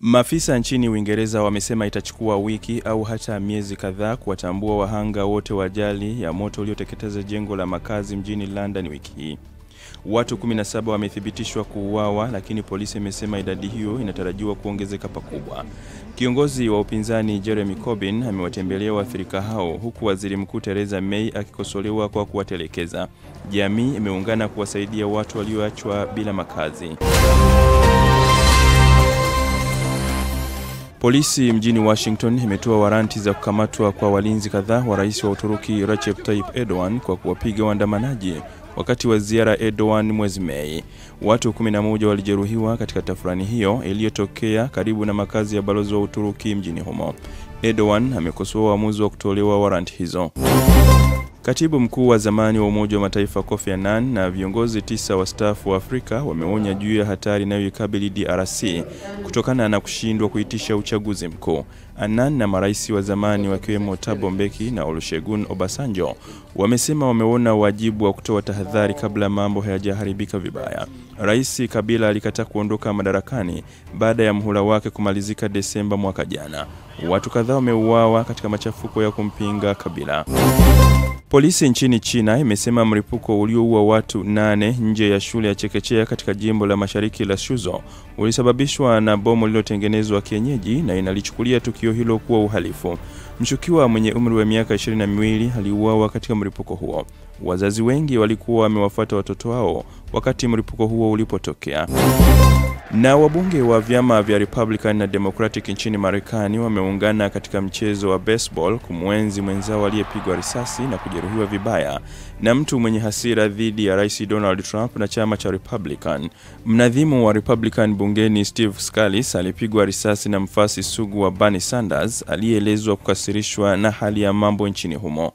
Maafisa nchini Uingereza wamesema itachukua wiki au hata miezi kadhaa kuwatambua wahanga wote wa ajali ya moto ulioteketeza jengo la makazi mjini London wiki hii. Watu 17 wamethibitishwa kuuawa, lakini polisi imesema idadi hiyo inatarajiwa kuongezeka pakubwa. Kiongozi wa upinzani Jeremy Corbyn amewatembelea waathirika hao huku Waziri Mkuu Theresa May akikosolewa kwa kuwatelekeza. Jamii imeungana kuwasaidia watu walioachwa bila makazi. Polisi mjini Washington imetoa waranti za kukamatwa kwa walinzi kadhaa wa rais wa Uturuki Recep Tayyip Erdogan kwa kuwapiga waandamanaji wakati wa ziara ya Erdogan mwezi Mei. Watu 11 walijeruhiwa katika tafurani hiyo iliyotokea karibu na makazi ya balozi wa Uturuki mjini humo. Erdogan amekosoa uamuzi wa kutolewa waranti hizo. Katibu mkuu wa zamani wa Umoja wa Mataifa Kofi Annan na viongozi tisa wastaafu wa Afrika wameonya juu ya hatari inayoikabili DRC kutokana na kushindwa kuitisha uchaguzi mkuu. Annan na marais wa zamani wakiwemo Thabo Mbeki na Olusegun Obasanjo wamesema wameona wajibu wa kutoa tahadhari kabla mambo hayajaharibika vibaya. Rais Kabila alikataa kuondoka madarakani baada ya mhula wake kumalizika Desemba mwaka jana. Watu kadhaa wameuawa katika machafuko ya kumpinga Kabila. Polisi nchini China imesema mlipuko ulioua watu nane nje ya shule ya chekechea katika jimbo la mashariki la Shuzo ulisababishwa na bomu lililotengenezwa kienyeji na inalichukulia tukio hilo kuwa uhalifu. Mshukiwa mwenye umri wa miaka ishirini na miwili aliuawa katika mlipuko huo. Wazazi wengi walikuwa wamewafuata watoto wao wakati mlipuko huo ulipotokea. Na wabunge wa vyama vya Republican na Democratic nchini Marekani wameungana katika mchezo wa baseball kumwenzi mwenzao aliyepigwa risasi na kujeruhiwa vibaya na mtu mwenye hasira dhidi ya Rais Donald Trump na chama cha Republican. Mnadhimu wa Republican bungeni Steve Scalise alipigwa risasi na mfasi sugu wa Bernie Sanders aliyeelezwa kukasirishwa na hali ya mambo nchini humo.